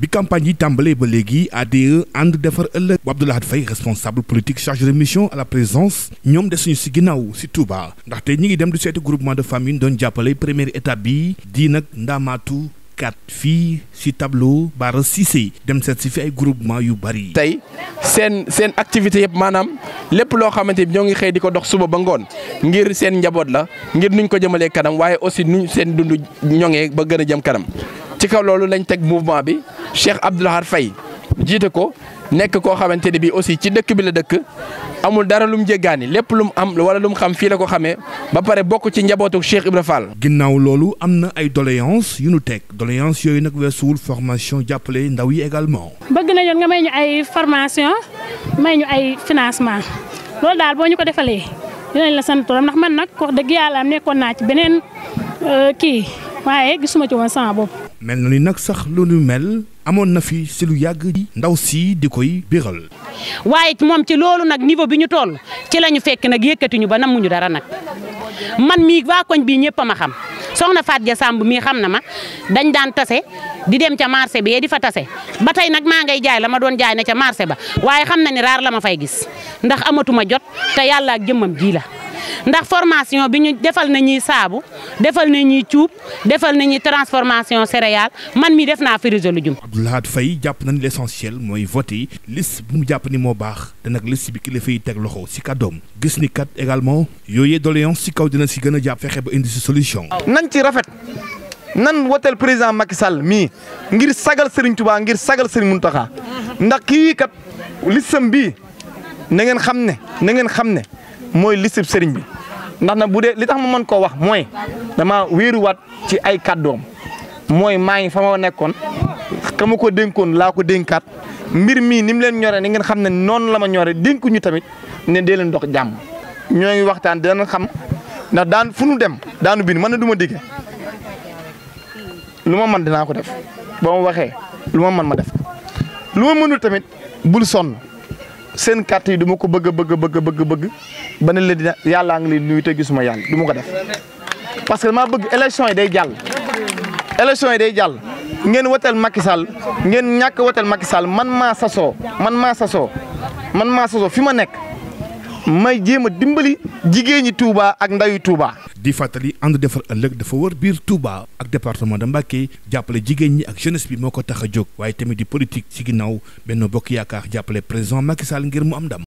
bi campagne yi tàmbalee ba léegi ADE ànd defar ëllëg bu Abdoulahat Faye responsable politique chargé de mission à la présidence ñoom desuñu si ginnaaw si Touba ndaxte ñi ngi dem du seeti groupement de famille doon jàppale première étape bi di nag ndaamaatu kat fii si tableau Bara Cissé dem seet si fi ay groupement yu bari. tey seen seen activité yëpp maanaam lépp loo xamante ni ñoo ngi xëy di ko dox suba ba ngoon ngir seen njaboot la ngir nuñ ko jëmalee kanam waaye aussi nuñ seen dund ñoŋee ba gën a jëm kanam ci kaw loolu lañ teg mouvement bi Cheikh Abdou Lahad Faye jiite ko nekk koo xamante ne bii aussi ci dëkk bi la dëkk amul dara lum jéggaani lépp lu mu am wala mu xam fii la ko xamee ba pare bokk ci njabootu Cheikh Ibra Fall. ginnaaw loolu am na ay doléance yu nu teg doléance yooyu nag weesuwul formation jàppale ndaw yi également. bëgg nañu nga may ñu ay formation may ñu ay financement loolu daal boo ñu ko defalee dinañ la sant ndax man nag wax dëgg yàlla nekkoon naa beneen euh, kii waaye gisuma ci woon sama mel na ni nag sax lu nu mel amoon na fi si lu yàgg di ndaw si di koy biral waaye moom ci loolu nag niveau bi ñu toll ci la ñu fekk nag yëkkatiñu ba namuñu dara nag man mii waa koñ bii ñëpp a ma xam soxna Faat Ja Samb mii xam na ma dañ daan tase di dem ca marché bi di fa tase ba tey nag maa ngay jaay la ma doon jaay ne ca marché ba waaye xam na ni raar la ma fay gis ndax amatuma jot te yàlla ak jëmmam ji la. ndax formation bi ñu defal nañuy saabu defal na ñuy cuub defal na ñuy transformation céréale man mi def naa frise lu jum Abdou fay jàpp na ni l'essentiel mooy voté liste bu mu jàpp ni moo baax te nag liste bi kilifa yi teg loxo si kàddoom gis ni kat également yooyee doléance si kaw dina si gën a jàpp fexe ba indi si solution. nañ ci rafet nan woteel président Macky Sall mii ngir sagal Serigne Touba ngir sagal Serigne taxa ndax kii kat listam bii na ngeen xam ne na ngeen xam ne mooy liste Serigne bi. ndax na bu dee li tax ma mën koo wax mooy dama wéeruwaat ci ay kàddoom mooy maa ngi fa ma nekkoon ka ma ko dénkoon laa ko dénkaat mbir mii ni mu leen ñoree ni ngeen xam ne noonu la ma ñoree dénkuñu tamit ne dee leen dox jàmm ñoo ngi waxtaan dinañ xam ndax daan fu nu dem daanu bind man na duma ma lu ma man dinaa ko def boo ma waxee lu ma man ma def lu ma mënul tamit bul sonn seen carte yi duma ko bëgg a bëgg bëgg bëgg bëgg ba ne la dina yàllaa ngi leen nuyu gisuma yàlla du ma ko def parce que damaa bëgg élection yi day jàll. élection yi day jàll ngeen wotel Macky Sall ngeen ñàkk woteel Macky Sall man maa sasoo man maa saso man maa sasoo fi ma nekk may jéem a dimbali jigéen ñi Touba ak ndayu Touba. di fàttali ànd defar ëllëg dafa wër biir Touba ak département de Mbacké jàppale jigéen ñi ak jeunesse bi moo ko tax a jóg waaye tamit di politique ci ginnaaw Benno Bokk Yaakaar jàppale président Macky Sall ngir mu am ndam